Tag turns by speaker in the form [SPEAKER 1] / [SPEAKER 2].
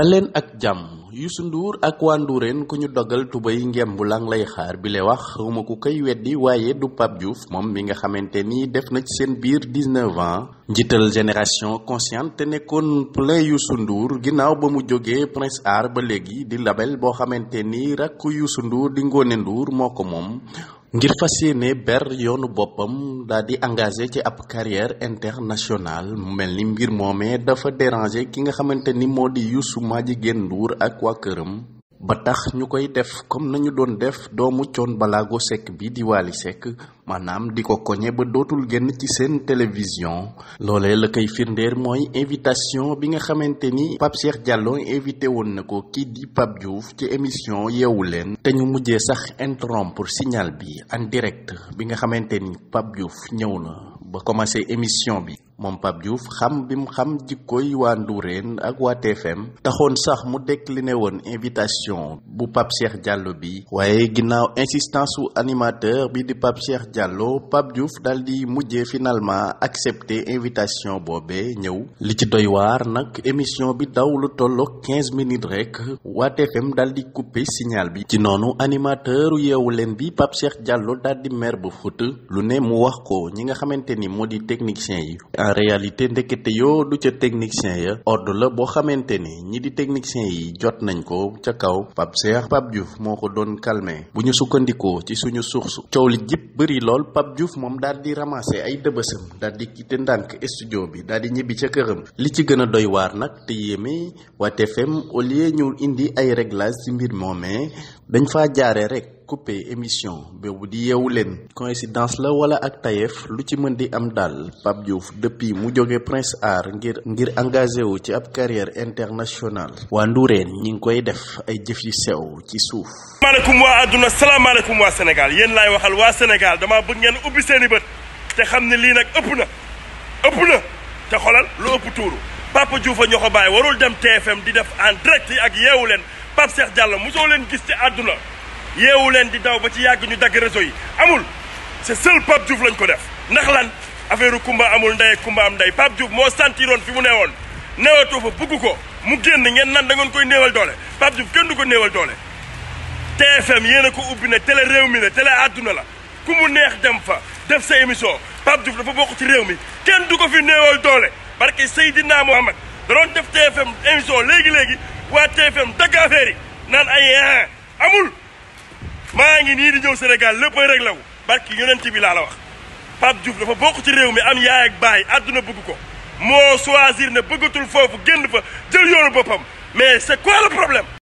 [SPEAKER 1] daleen ak jàmm Youssou nduur ak waa Ndourène ku ñu dogal tubay ngemb lang lay xaar bi le wax xawma ku koy weddi waaye du Pape juuf moom mi nga xamante ni def na ci seen biir 19 ans njiital génération consciente te nekkoon plein Youssou nduur ginnaaw ba mu jógee Prince Art ba léegi di label boo xamante ni rakk Youssou nduur di Ngoné Ndour moo ko moom ngir fas yéene ber yoonu boppam daal di engagé ci ab carrière internationale mu mel ni mbir moomee dafa déranger ki nga xamante ni moo di Youssou Madjiguène Ndour ak waa këram ba tax ñu koy def comme nañu doon def doomu Thione Ballago Seck bi di Wally Seck maanaam di ko koñe ba dootul génn ci seen télévision loole la koy firndeer mooy invitation bi nga xamante ni Pape Cheikh Diallo invité woon na ko kii di Pape Diouf ci émission yeewu leen te ñu mujjee sax pour signal bi en direct bi nga xamante ni pab Diouf ñëw na ba commencé émission bi moom Pape Diouf xam bi mu xam jikkooy waa Ndourène ak waa TFM taxoon sax mu li ne woon invitation bu Pape Cheikh Diallo bi waaye ginnaaw insistance su animateur bi di Pape Cheikh jàlloo Pape Diouf daal di mujjee finalement accepté invitation boobee ñëw li ci doy waar nag émission bi daw lu tolloog 15 minutes rek waa TFM daal di coupé signal bi ci noonu animateur yeewu leen bi Pape Cheikh Diallo daal di mer bu fut lu ne mu wax ko ñi nga xamante ni moo di technicien yi en réalité ndekete yoo du ca technicien ya ordre la boo xamante ni ñi di technicien yi jot nañ ko ca kaw Pape Cheikh Pape Diouf moo ko doon calmer bu ñu sukkandikoo ci suñu source coow li jip bari lool Pape Diouf moom daal di ramasser ay dëbësam daal di quitté ndànk studio bi daal di ñibbi ca këram li ci gën a doy waar nag te yéeme waa TFM au lieu ñu indi ay réglage ci mbir moomee dañ faa jaare rek coupé émission boobu di yeewu leen coïncidence la wala ak tayeef lu ci mën di am daal Pape Diouf depuis mu jóge Prince Art ngir ngir engagé wu ci ab carrière internationale waa Ndoureen ñi ngi koy def ay jëf yu sew ci suuf.
[SPEAKER 2] salaamaaleykum waa àdduna salaamaaleykum waa Sénégal yéen laay waxal waa Sénégal dama bëgg ngeen ubbi seen bët te xam ne lii nag ëpp na ëpp na te xolal lu ëpp tuuru Papa Diouf a ñoo ko warul dem TFM di def en direct yi ak yeewu leen Pape Cheikh Diallo mosoo leen gis yeewu leen di daw ba ci yàgg ñu dagg réseau yi amul c'est seul Pape Diouf lañ ko def ndax lan affaire Kumba amul ndey Kumba am ndey Pape Diouf moo santiroon fi mu neewoon neewatoo fa bugg ko mu génn ngeen nan da koy néewal doole Pape Diouf kenn du ko néewal doole TFM yéen a ko ubbi ne télé réew mi ne télé àdduna la ku mu neex dem fa def sa émission Pape Diouf dafa bokk ci réew mi kenn du ko fi néewal doole parce que Seydina Mohamed da doon def TFM émission léegi-léegi waa dagg affaire yi naan ay eh, eh, eh. amul maa ngi nii di ñëw Sénégal lépp rek réglé wu barki yonent bi laa la wax Pape Diouf dafa bokk ci réew mi am yaay ak baay àdduna bëgg ko moo choisir ne bëggatul foofu génn fa jël yoonu boppam mais c'est quoi le problème